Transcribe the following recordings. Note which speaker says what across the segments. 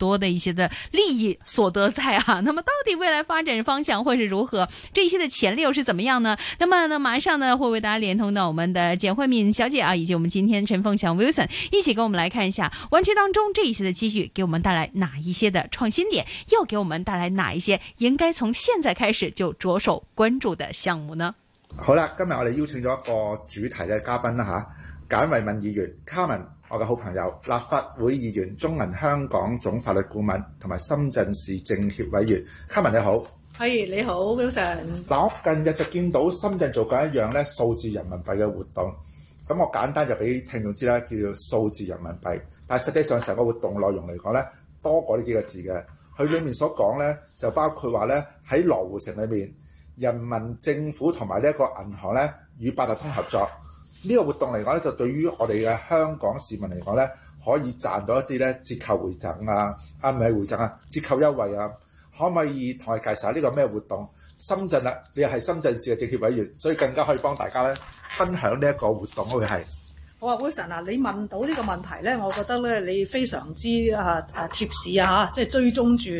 Speaker 1: 多的一些的利益所得在啊，那麼到底未來發展方向會是如何？這一些的潛力又是怎麼樣呢？那麼呢，馬上呢會為大家連通到我們的簡慧敏小姐啊，以及我們今天陳鳳祥 Wilson 一起跟我們來看一下灣區當中這一些的機遇給我們帶來哪一些的創新點，又給我們帶來哪一些應該從現在開始就着手關注的項目呢？
Speaker 2: 好啦，今日我哋邀請咗一個主題嘅嘉賓啦哈、啊，簡慧敏議員 Carmen。我嘅好朋友，立法會議員、中銀香港總法律顧問同埋深圳市政協委員，卡文你好，
Speaker 3: 可、hey，以你好，早晨。
Speaker 2: 嗱，我近日就見到深圳做緊一樣咧數字人民幣嘅活動，咁我簡單就俾聽眾知啦，叫做數字人民幣。但係實際上成個活動內容嚟講咧，多過呢幾個字嘅。佢裏面所講咧，就包括話咧喺羅湖城裏面，人民政府同埋呢一個銀行咧，與八達通合作。呢個活動嚟講咧，就對於我哋嘅香港市民嚟講咧，可以賺到一啲咧折扣回贈啊，啊唔係回贈啊，折扣優惠啊，可唔可以同我介紹下呢個咩活動？深圳啊，你又係深圳市嘅政協委員，所以更加可以幫大家咧分享呢一個活動咯，佢
Speaker 3: 我話會神嗱，你問到呢個問題呢，我覺得呢，你非常之啊啊貼士啊，即係追蹤住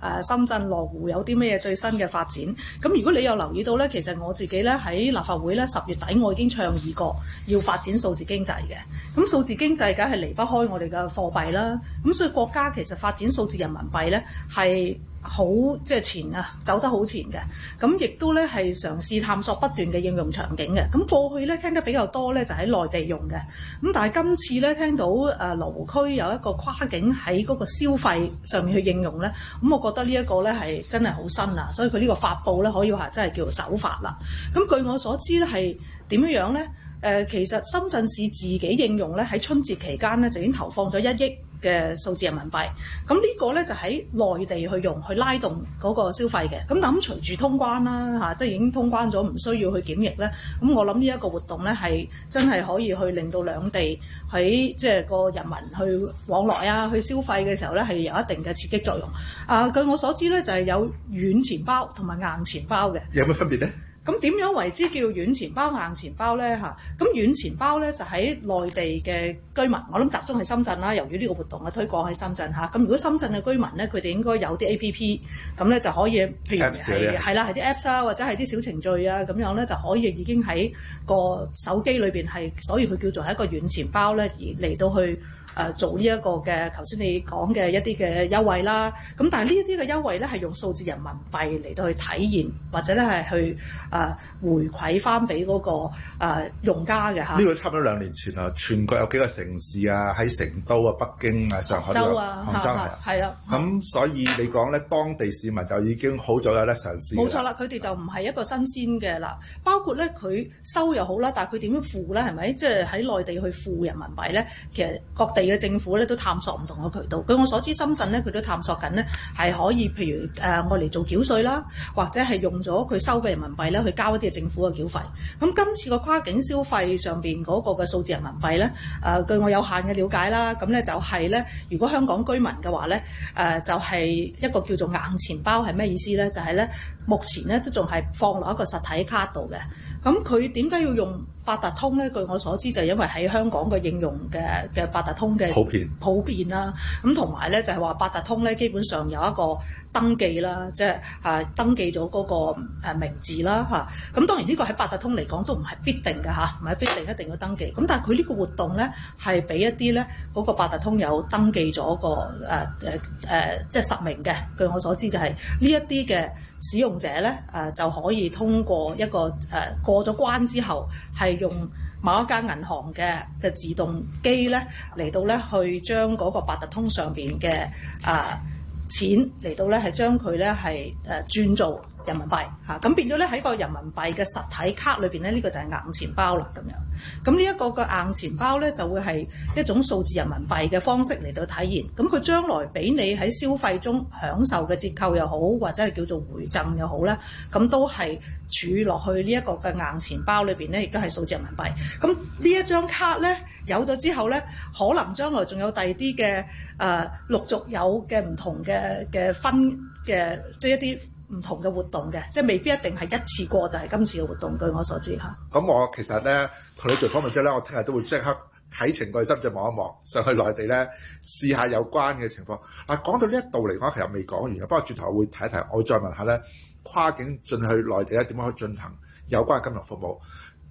Speaker 3: 誒深圳羅湖有啲咩最新嘅發展。咁如果你有留意到呢，其實我自己呢，喺立法會呢十月底，我已經倡議過要發展數字經濟嘅。咁數字經濟梗係離不開我哋嘅貨幣啦。咁所以國家其實發展數字人民幣呢，係。好即係、即係、前啊，走得好前嘅，咁亦都呢係嘗試探索不斷嘅應用場景嘅。咁過去呢，聽得比較多呢就喺內地用嘅，咁但係今次呢，聽到誒羅湖區有一個跨境喺嗰個消費上面去應用呢，咁我覺得呢一個呢係真係好新啦，所以佢呢個發布呢，可以話真係叫做首發啦。咁據我所知係點樣呢，係點樣樣呢？其實深圳市自己應用呢，喺春節期間呢，就已經投放咗一億嘅數字人民幣，咁呢個呢就喺內地去用，去拉動嗰個消費嘅。咁但係咁隨住通關啦，吓，即係已經通關咗，唔需要去檢疫呢。咁我諗呢一個活動呢，係真係可以去令到兩地喺即係個人民去往來啊，去消費嘅時候呢，係有一定嘅刺激作用。啊，據我所知呢，就係有軟錢包同埋硬錢包嘅。
Speaker 2: 有咩分別呢？
Speaker 3: 咁點樣為之叫軟錢包硬錢包咧嚇？咁軟錢包咧就喺內地嘅居民，我諗集中喺深圳啦。由於呢個活動嘅推廣喺深圳嚇，咁如果深圳嘅居民咧，佢哋應該有啲 App，咁咧就可以，譬如係啦，係啲 Apps 啊，APP，或者係啲小程序啊，咁樣咧就可以已經喺個手機裏面係，所以佢叫做係一個軟錢包咧，而嚟到去。誒做呢一個嘅頭先你講嘅一啲嘅優惠啦，咁但係呢啲嘅優惠咧係用數字人民幣嚟到去體現，或者咧係去誒、啊、回饋翻俾嗰個、啊、用家嘅呢個
Speaker 2: 差唔多兩年前啊，全國有幾個城市啊，喺成都啊、北京啊、上海、啊、杭州啊咁、啊啊啊啊啊啊、所以你講咧，當地市民就已經好早有得嘗試冇錯啦，
Speaker 3: 佢哋就唔係一個新鮮嘅啦。包括咧佢收又好啦，但佢點樣付咧？係咪即係喺內地去付人民幣咧？其實各地嘅政府咧都探索唔同嘅渠道，據我所知，深圳咧佢都探索緊咧，係可以譬如誒，我、呃、嚟做繳稅啦，或者係用咗佢收嘅人民幣啦，去交一啲政府嘅繳費。咁今次個跨境消費上邊嗰個嘅數字人民幣咧，誒、呃、據我有限嘅了解啦，咁咧就係咧，如果香港居民嘅話咧，誒、呃、就係、是、一個叫做硬錢包，係咩意思咧？就係、是、咧，目前咧都仲係放落一個實體卡度嘅。咁佢點解要用？八達通咧，據我所知就係因為喺香港嘅應用嘅嘅八達通嘅普遍普遍啦，咁同埋咧就係話八達通咧基本上有一個登記啦，即係啊登記咗嗰個名字啦嚇。咁當然呢個喺八達通嚟講都唔係必定嘅嚇，唔係必定一定要登記。咁但係佢呢個活動咧係俾一啲咧嗰個八達通有登記咗個誒誒誒即係實名嘅。據我所知就係呢一啲嘅使用者咧誒就可以通過一個誒過咗關之後係。用某一間銀行嘅嘅自動機咧，嚟到咧去將嗰個八達通上邊嘅啊錢嚟到咧係將佢咧係誒轉做人民幣嚇，咁變咗咧喺個人民幣嘅實體卡裏邊咧，呢、這個就係硬錢包啦咁樣。咁呢一個嘅硬錢包呢，就會係一種數字人民幣嘅方式嚟到體現。咁佢將來俾你喺消費中享受嘅折扣又好，或者係叫做回贈又好呢，咁都係儲落去呢一個嘅硬錢包裏面呢。呢亦都係數字人民幣。咁呢一張卡呢，有咗之後呢，可能將來仲有第二啲嘅呃，陸續有嘅唔同嘅嘅分嘅即係一啲。唔同嘅活動嘅，即係未必一定係一次過就係今次嘅活動，嗯。據我所知吓
Speaker 2: 咁、嗯、我其實咧同你做訪問之後咧，我聽日都會即刻啟程過去深圳望一望上去內地咧試下有關嘅情況。嗱，講到呢一度嚟講，其實未講完嘅，不過轉頭會睇一睇，我再問下咧跨境進去內地咧點樣去進行有關嘅金融服務。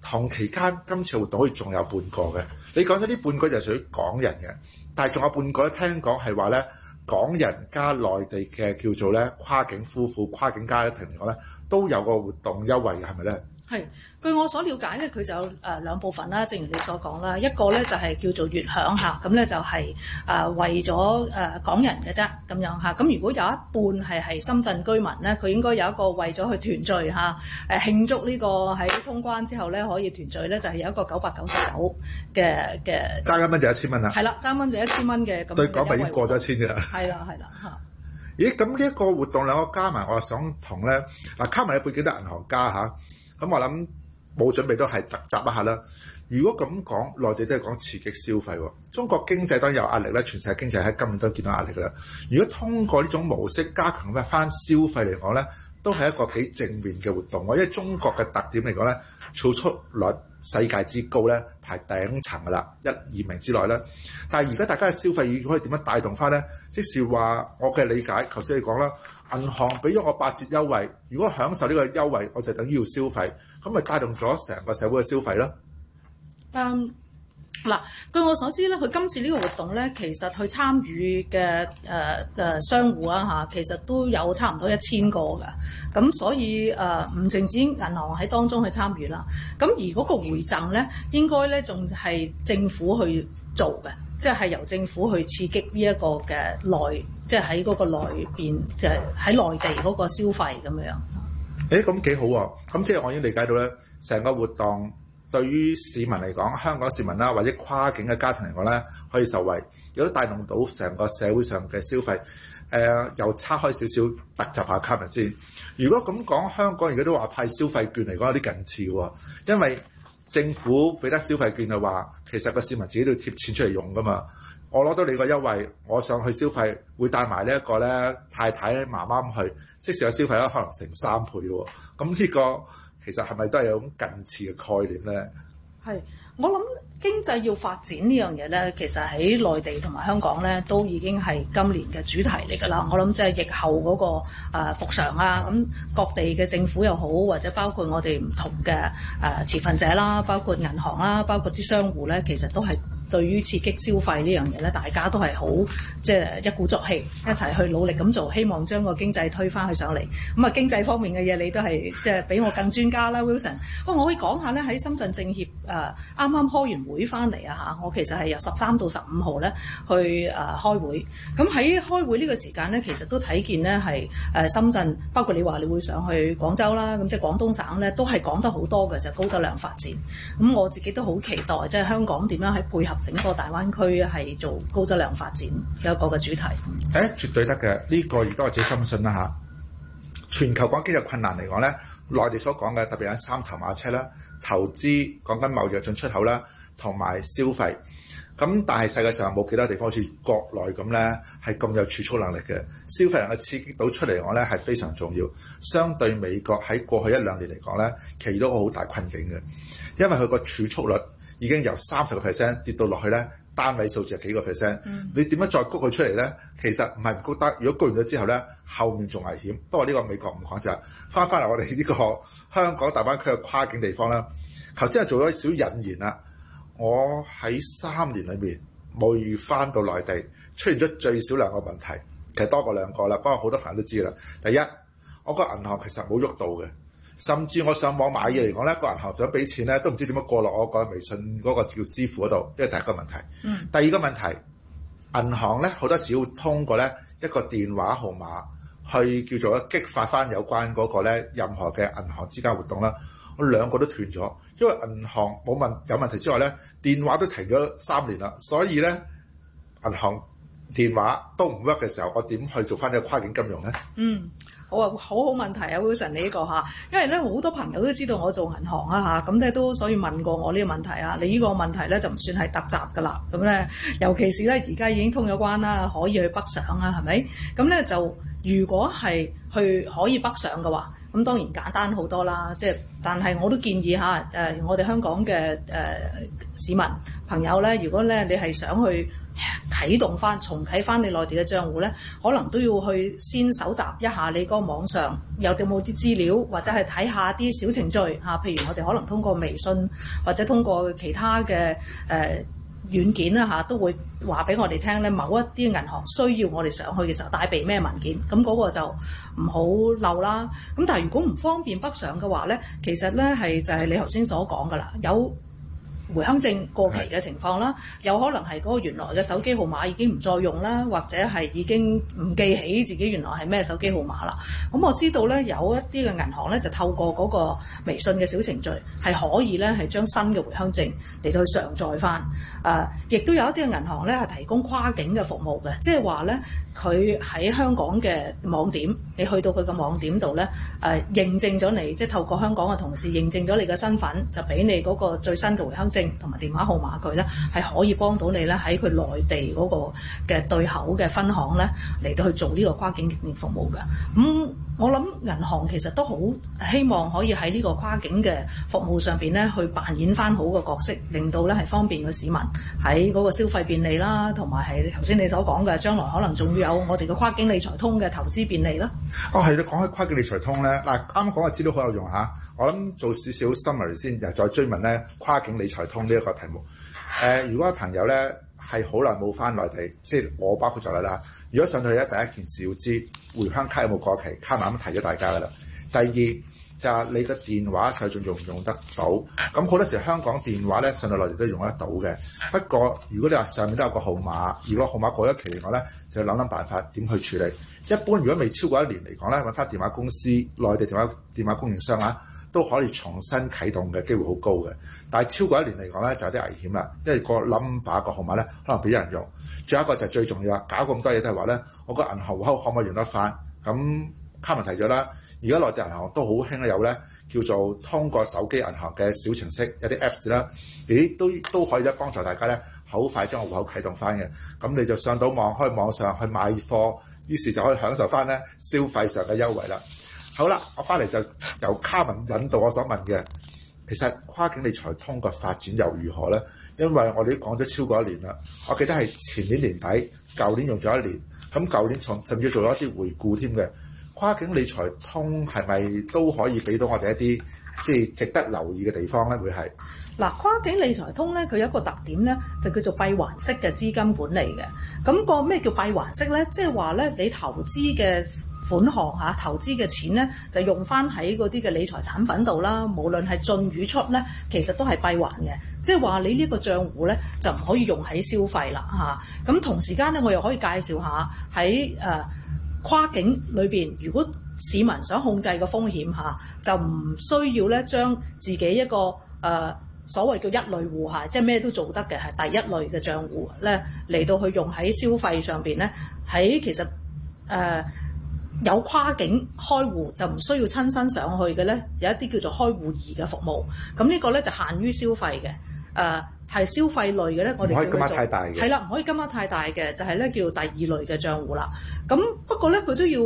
Speaker 2: 同期間今次活動可以仲有半個嘅，你講咗呢半個就係屬於港人嘅，但係仲有半個咧聽講係話咧。港人加內地嘅叫做咧跨境夫婦、跨境家庭嚟講咧，都有個活動優惠嘅係咪咧？
Speaker 3: 係，據我所瞭解咧，佢就誒兩部分啦。正如你所講啦，一個咧就係叫做月享嚇，咁咧就係誒為咗誒港人嘅啫咁樣嚇。咁如果有一半係係深圳居民咧，佢應該有一個為咗去團聚嚇誒慶祝呢個喺通關之後咧可以團聚咧，就係有一個九百九十九嘅嘅。
Speaker 2: 加一蚊就一千蚊啦。係啦，
Speaker 3: 三蚊就一千蚊嘅咁。對港幣已經過
Speaker 2: 咗一千㗎啦。
Speaker 3: 係啦，係啦嚇。
Speaker 2: 咦？咁呢一個活動兩個加埋，我係想同咧嗱，加埋嘅背景得銀行家嚇。咁我諗冇準備都係突襲一下啦。如果咁講，內地都係講刺激消費喎，哦。中國經濟當然有壓力咧，全世界經濟喺今年都見到壓力噶啦。如果通過呢種模式加強咩翻消費嚟講咧，都係一個幾正面嘅活動喎。因為中國嘅特點嚟講咧，儲蓄率世界之高咧，排頂層噶啦，一二名之內咧。但係而家大家嘅消費意願可以點樣帶動翻咧，即是話我嘅理解，頭先你講啦。銀行俾咗我八折優惠，如果享受呢個優惠，我就等於要消費，咁咪帶動咗成個社會嘅消費啦。
Speaker 3: 嗯嗱，據我所知咧，佢今次呢個活動咧，其實佢參與嘅誒誒商戶啊嚇，其實都有差唔多一千個㗎，咁所以誒唔淨止銀行喺當中去參與啦。咁而嗰個回贈咧，應該咧仲係政府去做嘅，即係由政府去刺激呢一個嘅內。即係喺嗰個內邊，就係、是、喺內地嗰個消費咁
Speaker 2: 樣。誒、欸，咁幾好喎、啊！咁即係我已經理解到咧，成個活動對於市民嚟講，香港市民啦、啊，或者跨境嘅家庭嚟講咧，可以受惠，亦都帶動到成個社會上嘅消費。誒、呃，又岔開少少特集下卡 o 先。如果咁講，香港而家都話派消費券嚟講有啲近似喎、啊，因為政府俾得消費券就話，其實個市民自己都要貼錢出嚟用㗎嘛。我攞到你個優惠，我想去消費，會帶埋呢一個咧太太媽媽去，即使有消費可能成三倍喎。咁呢個其實係咪都係有咁近似嘅概念咧？
Speaker 3: 係我諗經濟要發展呢樣嘢咧，其實喺內地同埋香港咧，都已經係今年嘅主題嚟㗎啦。我諗即係疫後嗰個復啊復常啦，咁各地嘅政府又好，或者包括我哋唔同嘅啊持份者啦，包括銀行啦、啊，包括啲商戶咧、啊，其實都係。對於刺激消費呢樣嘢咧，大家都係好即係一鼓作氣，一齊去努力咁做，希望將個經濟推翻去上嚟。咁啊，經濟方面嘅嘢你都係即係比我更專家啦，Wilson。我可以講下咧，喺深圳政協啱啱開完會翻嚟啊嚇，我其實係由十三到十五號咧去開會。咁喺開會呢個時間咧，其實都睇見咧係深圳，包括你話你會上去廣州啦，咁即係廣東省咧都係講得好多嘅就高質量發展。咁我自己都好期待，即係香港點樣喺配合。整個大灣區係做高質量發展有個嘅主題。誒、
Speaker 2: 欸，絕對得嘅。呢、這個亦都我自己深信啦嚇。全球講經濟困難嚟講咧，內地所講嘅特別係三頭馬車啦，投資講緊貿易進出口啦，同埋消費。咁但係世界上冇幾多地方好似國內咁咧，係咁有儲蓄能力嘅。消費能夠刺激到出嚟，講咧係非常重要。相對美國喺過去一兩年嚟講咧，其實都好大困境嘅，因為佢個儲蓄率，已經由三十個 percent 跌到落去咧，單位數字係幾個 percent？、嗯、你點樣再谷佢出嚟咧？其實唔係唔谷得，如果谷完咗之後咧，後面仲危險。不過呢個美國唔講就係翻返嚟我哋呢個香港大灣區嘅跨境地方啦。頭先係做咗少引言啦，我喺三年裏面冇遇翻到內地，出現咗最少兩個問題，其實多過兩個啦。不過好多朋友都知啦，第一，我個銀行其實冇喐到嘅。甚至我上網買嘢嚟講咧，個人銀行想俾錢咧都唔知點樣過落我個微信嗰個叫支付嗰度，呢個係第一個問題。嗯。第二個問題，銀行咧好多時要通過咧一個電話號碼去叫做激發翻有關嗰個咧任何嘅銀行之間活動啦。我兩個都斷咗，因為銀行冇問有問題之外咧，電話都停咗三年啦。所以咧銀行電話都唔 work 嘅時候，我點去做翻呢個跨境金融咧？嗯。
Speaker 3: 好啊，好好問題啊，Wilson，你呢個嚇，因為咧好多朋友都知道我做銀行啦嚇，咁咧都所以問過我呢個問題啊，你呢個問題咧就唔算係特集㗎啦，咁咧尤其是咧而家已經通咗關啦，可以去北上啊，係咪？咁咧就如果係去可以北上嘅話，咁當然簡單好多啦，即係，但係我都建議嚇誒我哋香港嘅誒市民朋友咧，如果咧你係想去。啟動翻、重啟翻你內地嘅賬戶呢，可能都要去先搜集一下你嗰個網上有冇啲資料，或者係睇下啲小程序嚇、啊。譬如我哋可能通過微信，或者通過其他嘅誒軟件啦、啊、都會話俾我哋聽呢，某一啲銀行需要我哋上去嘅時候，帶備咩文件？咁嗰個就唔好漏啦。咁但係如果唔方便北上嘅話呢，其實呢係就係、是、你頭先所講㗎啦，有。回鄉證過期嘅情況啦，有可能係嗰個原來嘅手機號碼已經唔再用啦，或者係已經唔記起自己原來係咩手機號碼啦。咁我知道呢，有一啲嘅銀行呢，就透過嗰個微信嘅小程序，係可以呢，係將新嘅回鄉證嚟到去上載返。誒、啊，亦都有一啲嘅銀行咧，係提供跨境嘅服務嘅，即係話咧，佢喺香港嘅網點，你去到佢嘅網點度咧，誒、啊，認證咗你，即係透過香港嘅同事認證咗你嘅身份，就俾你嗰個最新嘅回鄉證同埋電話號碼佢咧，係可以幫到你咧喺佢內地嗰個嘅對口嘅分行咧嚟到去做呢個跨境服務嘅。咁、嗯、我諗銀行其實都好希望可以喺呢個跨境嘅服務上邊咧，去扮演翻好嘅角色，令到咧係方便個市民。喺嗰個消費便利啦，同埋係頭先你所講嘅，將來可能仲要有我哋嘅跨境理財通嘅投資便利啦。
Speaker 2: 哦，係啦，講起跨境理財通咧，嗱啱啱講嘅資料好有用嚇，我諗做少少 summary 先，又再追問咧跨境理財通呢一個題目。誒、呃，如果朋友咧係好耐冇翻內地，即係我包括在內啦。如果上到去咧，第一件事要知回鄉卡有冇過期，卡慢啱提咗大家噶啦。第二。就係、是、你個電話細眾用唔用得到？咁好多時香港電話咧，上到內地都用得到嘅。不過如果你話上面都有個號碼，如果號碼過咗期嚟講咧，就要諗諗辦法點去處理。一般如果未超過一年嚟講咧，揾翻電話公司、內地電話電話供應商啊，都可以重新啟動嘅機會好高嘅。但係超過一年嚟講咧，就有啲危險啦，因為個 number 個號碼咧可能俾人用。仲有一個就最重要啦，搞咁多嘢都係話咧，我個銀行戶口可唔可以用得翻？咁卡文提咗啦。而家內地銀行都好興有咧叫做通過手機銀行嘅小程式，有啲 Apps 啦，咦都都可以一幫助大家咧好快將戶口啟動翻嘅。咁你就上到網，開網上去買貨，於是就可以享受翻咧消費上嘅優惠啦。好啦，我翻嚟就由卡文引導我所問嘅，其實跨境理財通嘅發展又如何咧？因為我哋都講咗超過一年啦，我記得係前年年底，舊年用咗一年，咁舊年仲甚至做咗一啲回顧添嘅。跨境理財通係咪都可以俾到我哋一啲即係值得留意嘅地方咧？會係嗱跨境理財通咧，佢有一個特點咧，就
Speaker 3: 叫做閉環式嘅資金管理嘅。咁個咩叫閉環式咧？即係話咧，你投資嘅款項嚇，投資嘅錢咧，就用翻喺嗰啲嘅理財產品度啦。無論係進與出咧，其實都係閉環嘅。即係話你呢個賬戶咧，就唔可以用喺消費啦嚇。咁同時間咧，我又可以介紹一下喺誒。跨境裏面，如果市民想控制個風險下，就唔需要咧將自己一個誒、呃、所謂叫一類戶下，即係咩都做得嘅係第一類嘅帳戶咧，嚟到去用喺消費上面，咧，喺其實誒、呃、有跨境開戶就唔需要親身上去嘅咧，有一啲叫做開戶儀嘅服務，咁呢個咧就限於消費嘅。誒、啊、係消費類嘅咧，我哋可以做大係啦，唔可以金額太大嘅，就係、是、咧叫第二類嘅帳戶啦。咁不過咧，佢都要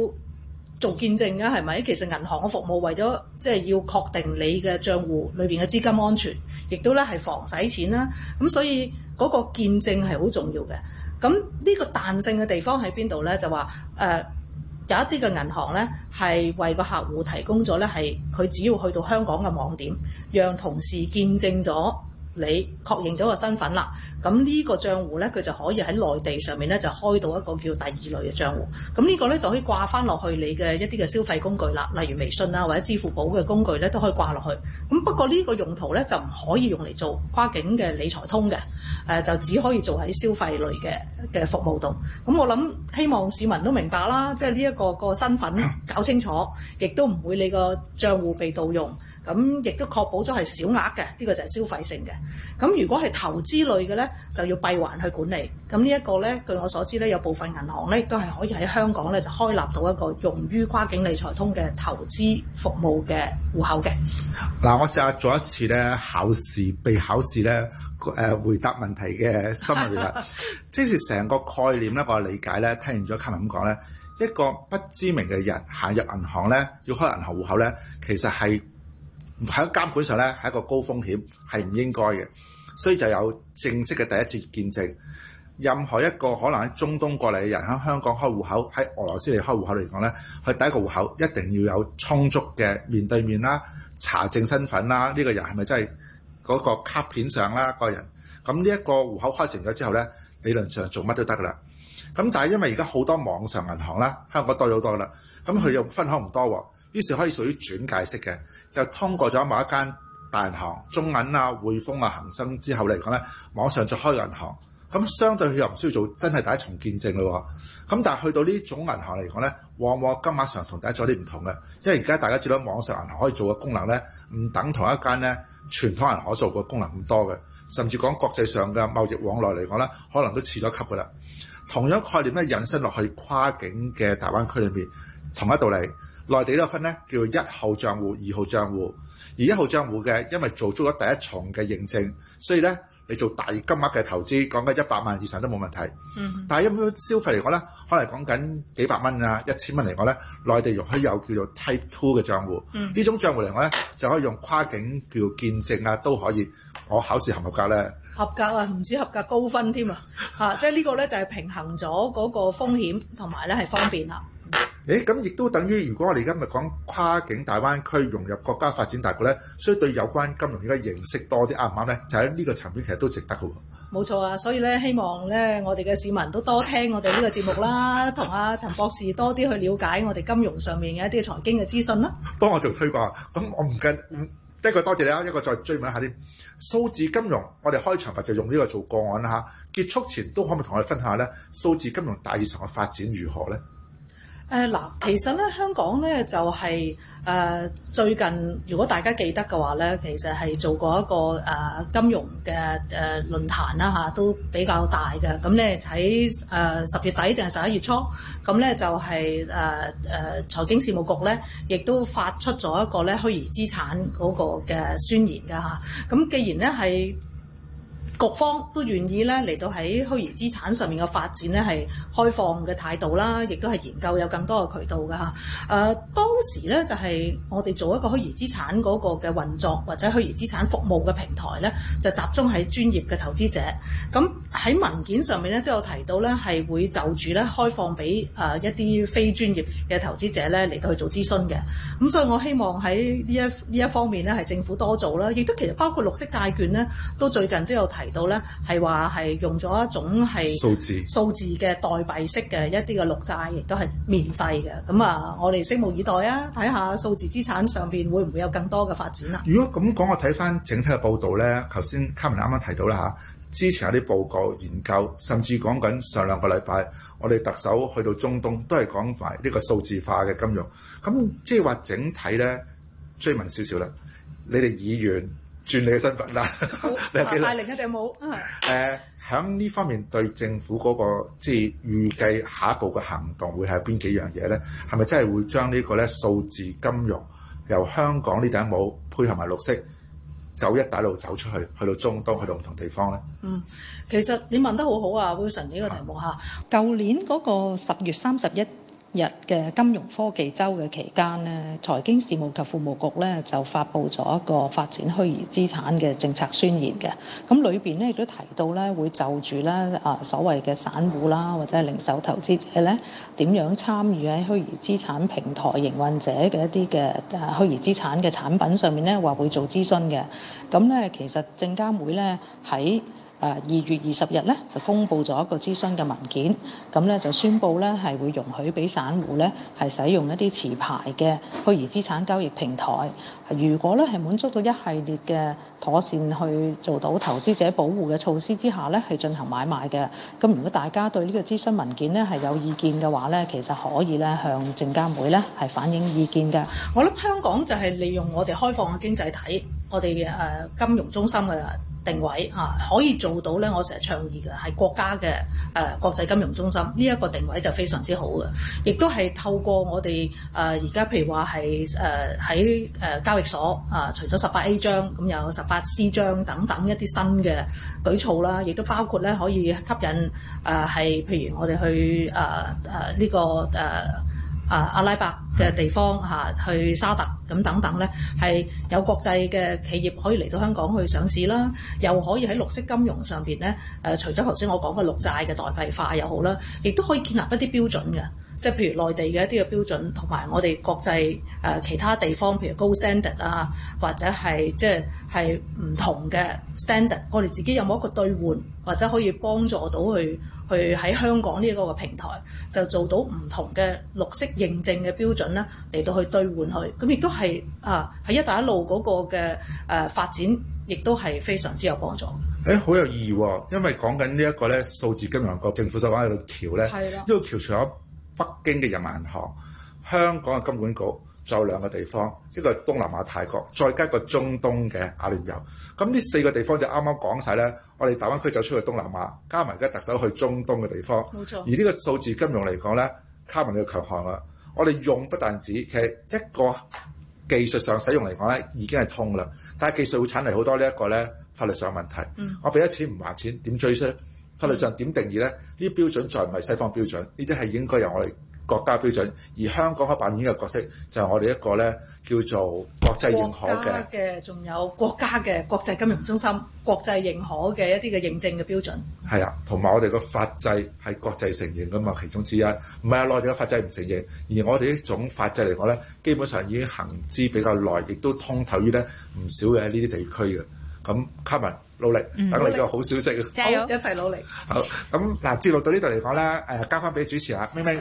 Speaker 3: 做見證嘅，係咪？其實銀行嘅服務為咗即係要確定你嘅帳戶裏邊嘅資金安全，亦都咧係防洗錢啦。咁所以嗰個見證係好重要嘅。咁呢個彈性嘅地方喺邊度咧？就話誒、呃、有一啲嘅銀行咧係為個客戶提供咗咧，係佢只要去到香港嘅網點，讓同事見證咗。你確認咗個身份啦，咁呢個賬戶呢，佢就可以喺內地上面呢，就開到一個叫第二類嘅賬戶，咁呢個呢，就可以掛翻落去你嘅一啲嘅消費工具啦，例如微信啊或者支付寶嘅工具呢，都可以掛落去。咁不過呢個用途呢，就唔可以用嚟做跨境嘅理財通嘅，誒就只可以做喺消費類嘅嘅服務度。咁我諗希望市民都明白啦，即係呢一個個身份搞清楚，亦都唔會你個賬戶被盜用。咁亦都確保咗係小額嘅，呢個就係消費性嘅。咁如果係投資類嘅咧，就要閉環去管理。咁呢一個咧，據我所知咧，有部分銀行咧，都係可以喺香港咧就開立到一個用於跨境理財通嘅投資服務嘅戶口嘅。
Speaker 2: 嗱，我試下做一次咧，考試，被考試咧、呃、回答問題嘅心理啦，即是成個概念咧。我理解咧，聽完咗 Carmen 咁講咧，一個不知名嘅人行入銀行咧，要開銀行戶口咧，其實係。喺監管上咧係一個高風險，係唔應該嘅，所以就有正式嘅第一次見證。任何一個可能喺中東過嚟嘅人喺香港開戶口，喺俄羅斯嚟開戶口嚟講咧，佢第一個戶口一定要有充足嘅面對面啦、查證身份啦，呢個人係咪真係嗰個卡片上啦？個人，咁呢一個戶口開成咗之後咧，理論上做乜都得㗎啦。咁但係因為而家好多網上銀行啦，香港多咗好多啦，咁佢又分行唔多，啊，於是可以屬於轉介式嘅。就通過咗某一間大銀行、中銀啊、匯豐啊、恒生之後嚟講呢，網上再開個銀行，咁相對佢又唔需要做真係第一重見證咯。咁但係去到呢種銀行嚟講呢，往往金額上同第一仲有啲唔同嘅，因為而家大家知道網上銀行可以做嘅功能呢，唔等同一間呢傳統銀行可做嘅功能咁多嘅，甚至講國際上嘅貿易往來嚟講呢，可能都次咗級噶啦。同樣概念咧，引申落去跨境嘅大灣區裏面，同一道理。內地咧分咧叫做一號賬戶、二號賬戶，而一號賬戶嘅因為做足咗第一重嘅認證，所以咧你做大金額嘅投資，講緊一百萬以上都冇問題。嗯。但係一般消費嚟講咧，可能講緊幾百蚊啊、一千蚊嚟講咧，內地容許有叫做 Type Two 嘅賬戶。嗯。呢種賬戶嚟講咧，就可以用跨境叫做見證啊，都可以。我考試合唔合格咧？
Speaker 3: 合格啊，唔知合格，高分添啊！嚇、 啊，即係呢個咧就係平衡咗嗰個風險同埋咧係方便啦。
Speaker 2: 誒咁亦都等於，如果我哋今日講跨境大灣區融入國家發展大局咧，所以對有關金融而家認識多啲，啱唔啱咧？就喺呢個層面其實都值得嘅喎。
Speaker 3: 冇錯啊，所以咧希望咧我哋嘅市民都多聽我哋呢個節目啦，同阿陳博士多啲去了解我哋金融上面嘅一啲財經嘅資訊啦。
Speaker 2: 幫我做推廣啊！咁、嗯嗯、我唔緊，一個多謝你啊。一個再追問一下先。數字金融，我哋開場就用呢個做個案啦結、啊、結束前都可唔可以同我哋分享咧？數字金融大市場嘅發展如何咧？
Speaker 3: 誒嗱，其實咧香港咧就係誒最近，如果大家記得嘅話咧，其實係做過一個誒金融嘅誒論壇啦嚇，都比較大嘅。咁咧喺誒十月底定係十一月初，咁咧就係誒誒財經事務局咧，亦都發出咗一個咧虛擬資產嗰個嘅宣言㗎嚇。咁既然咧係局方都願意咧嚟到喺虛擬資產上面嘅發展呢係開放嘅態度啦，亦都係研究有更多嘅渠道㗎嚇。呃。當時呢，就係、是、我哋做一個虛擬資產嗰個嘅運作或者虛擬資產服務嘅平台呢就集中喺專業嘅投資者。咁喺文件上面呢都有提到呢係會就住呢開放俾一啲非專業嘅投資者呢嚟到去做諮詢嘅。咁所以我希望喺呢一呢一方面呢係政府多做啦。亦都其實包括綠色債券呢都最近都有提。到咧係話係用咗一種係數字數字嘅代幣式嘅一啲嘅綠債，亦都係面世嘅。咁啊，我哋拭目以待啊，睇下數字資產上邊會唔會有更多嘅發展啦？
Speaker 2: 如果咁講，我睇翻整體嘅報道咧，頭先 Carmen 啱啱提到啦嚇，之前有啲報告研究，甚至講緊上兩個禮拜，我哋特首去到中東都係講埋呢個數字化嘅金融。咁即係話整體咧，追問少少啦，你哋議員？轉你嘅身份啦，好 你帶另
Speaker 3: 一頂帽？
Speaker 2: 誒，喺、呃、呢、嗯、方面對政府嗰、那個即係、就是、預計下一步嘅行動會係邊幾樣嘢咧？係咪真係會將呢、這個咧數字金融由香港呢頂帽配合埋綠色走一帶路走出去，去到中東，去到唔同地方咧？
Speaker 3: 嗯，其實你問得好好啊、嗯、Wilson 呢個題目嚇，舊、嗯、年嗰個十月三十一日嘅金融科技周嘅期間呢，財經事務及服務局咧就發布咗一個發展虛擬資產嘅政策宣言嘅。咁裏邊咧亦都提到咧，會就住咧啊所謂嘅散戶啦，或者係零售投資者咧，點樣參與喺虛擬資產平台營運者嘅一啲嘅虛擬資產嘅產品上面咧，話會做諮詢嘅。咁咧，其實證監會咧喺誒二月二十日咧就公布咗一個諮詢嘅文件，咁咧就宣布咧係會容許俾散戶咧係使用一啲持牌嘅虛擬資產交易平台。如果咧係滿足到一系列嘅妥善去做到投資者保護嘅措施之下咧，係進行買賣嘅。咁如果大家對呢個諮詢文件咧係有意見嘅話咧，其實可以咧向證監會咧係反映意見嘅。我諗香港就係利用我哋開放嘅經濟體，我哋誒、呃、金融中心㗎啦。定位嚇、啊、可以做到咧，我成日倡議嘅係國家嘅誒、啊、國際金融中心呢一、這個定位就非常之好嘅，亦都係透過我哋誒而家譬如話係誒喺誒交易所啊，除咗十八 A 章，咁、嗯、有十八 C 章等等一啲新嘅舉措啦，亦、啊、都包括咧可以吸引誒係、啊、譬如我哋去誒誒呢個誒。啊啊，阿拉伯嘅地方吓去沙特咁等等咧，係有國際嘅企業可以嚟到香港去上市啦，又可以喺綠色金融上邊咧，誒除咗頭先我講嘅綠債嘅代幣化又好啦，亦都可以建立一啲標準嘅，即係譬如內地嘅一啲嘅標準，同埋我哋國際誒其他地方，譬如高 s t a n d a r 啊，或者係即係係唔同嘅 s t a n d a r d 我哋自己有冇一個對換或者可以幫助到去？去喺香港呢一個嘅平台，就做到唔同嘅綠色認證嘅標準咧，嚟到去兌換佢，咁亦都係啊喺一帶一路嗰個嘅誒、呃、發展，亦都係非常之有幫助。誒、
Speaker 2: 欸，好有意義喎、啊，因為講緊呢一個咧數字金融局政府就喺度橋咧，呢、這個橋除咗北京嘅人民銀行、香港嘅金管局。仲有兩個地方，一個東南亞泰國，再加一個中東嘅阿聯酋。咁呢四個地方就啱啱講晒咧。我哋大灣區走出去東南亞，加埋而家特首去中東嘅地方。冇錯。而呢個數字金融嚟講咧，卡文你嘅強項啦。我哋用不但止，其實一個技術上使用嚟講咧，已經係通啦。但係技術會產嚟好多呢一個咧法律上問題。嗯、我俾咗錢唔還錢，點追出？法律上點定義咧？呢啲、嗯、標準再唔係西方標準，呢啲係應該由我哋國家標準，而香港可扮演嘅角色就係我哋一個咧叫做國際認可嘅。
Speaker 3: 嘅，仲有國家嘅國際金融中心、嗯、國際認可嘅一啲嘅認證嘅標準。
Speaker 2: 係啊，同埋我哋嘅法制係國際承認嘅嘛，其中之一。唔係啊，內地嘅法制唔承認，而我哋呢種法制嚟講咧，基本上已經行之比較耐，亦都通透於咧唔少嘅呢啲地區嘅。咁，Carmen 努力，等、嗯、你個好消息。嗯、好，一齊努力。好，咁嗱，接落到這裡來呢度嚟講咧，誒，交翻俾主持啊，咪咪。